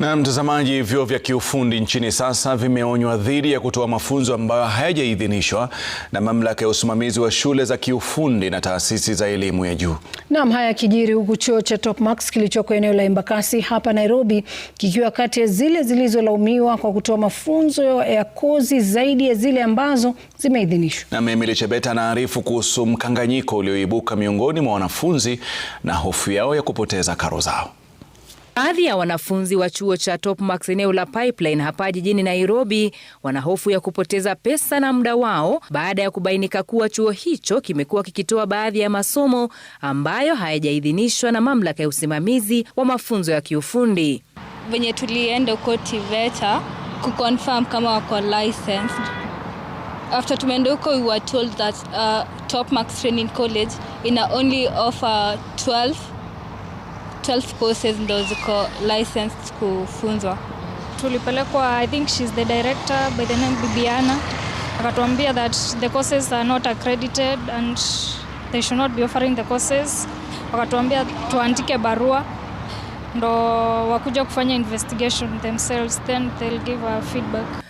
Na mtazamaji, vyuo vya kiufundi nchini sasa vimeonywa dhidi ya kutoa mafunzo ambayo hayajaidhinishwa na mamlaka ya usimamizi wa shule za kiufundi na taasisi za elimu ya juu. Naam, haya yakijiri huku chuo cha Topmax kilichoko eneo la Embakasi hapa Nairobi kikiwa kati ya zile zilizolaumiwa kwa kutoa mafunzo ya kozi zaidi ya zile ambazo zimeidhinishwa. Na Emily Chebet anaarifu kuhusu mkanganyiko ulioibuka miongoni mwa wanafunzi na hofu yao ya kupoteza karo zao. Baadhi ya wanafunzi wa chuo cha Topmax eneo la Pipeline hapa jijini Nairobi wana hofu ya kupoteza pesa na muda wao baada ya kubainika kuwa chuo hicho kimekuwa kikitoa baadhi ya masomo ambayo hayajaidhinishwa na mamlaka ya usimamizi wa mafunzo ya kiufundi. Venye tulienda huko TVETA kuconfirm kama wako licensed. After tumeenda huko we were told that uh, Topmax Training College ina only offer 12 health courses ndo ziko licensed kufunzwa. Tulipelekwa, I think she's the director by the name Bibiana, akatuambia that the courses are not accredited and they should not be offering the courses. Wakatuambia tuandike barua ndo wakuja kufanya investigation themselves then they'll give a feedback.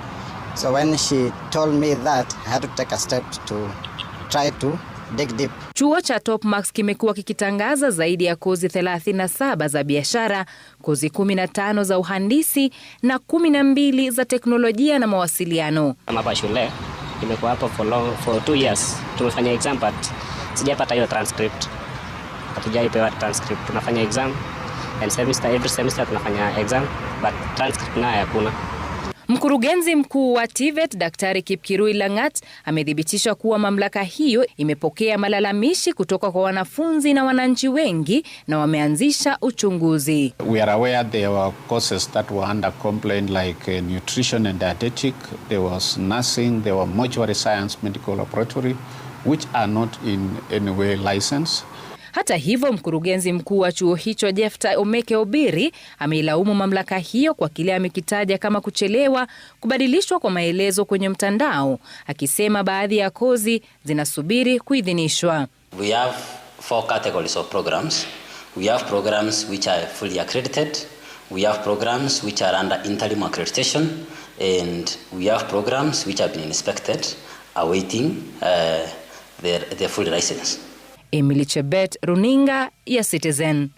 So when she told me that, I had to take a step to try to dig deep. Chuo cha Top Topmax kimekuwa kikitangaza zaidi ya kozi 37 za biashara, kozi 15 za uhandisi na 12 za teknolojia na mawasiliano. Kama Hapa shule imekuwa hapo for long, for two years. Tumefanya exam but sijapata hiyo transcript. Hatujaipewa transcript. Tunafanya exam and semester, every semester tunafanya exam but transcript nayo hakuna. Mkurugenzi mkuu wa TVET Daktari Kipkirui Langat amethibitisha kuwa mamlaka hiyo imepokea malalamishi kutoka kwa wanafunzi na wananchi wengi na wameanzisha uchunguzi. We are aware there were that were under complaint like uh, nutrition and dietetic, there was nursing, there were mortuary science medical laboratory which are not in any way licensed. Hata hivyo, mkurugenzi mkuu wa chuo hicho Jefta Omeke Obiri ameilaumu mamlaka hiyo kwa kile amekitaja kama kuchelewa kubadilishwa kwa maelezo kwenye mtandao, akisema baadhi ya kozi zinasubiri kuidhinishwa. We have four categories of programs. We have programs which are fully accredited. We have programs which are under interim accreditation and we have programs which have been inspected awaiting uh, their, their full license. Emily Chebet, runinga ya Citizen.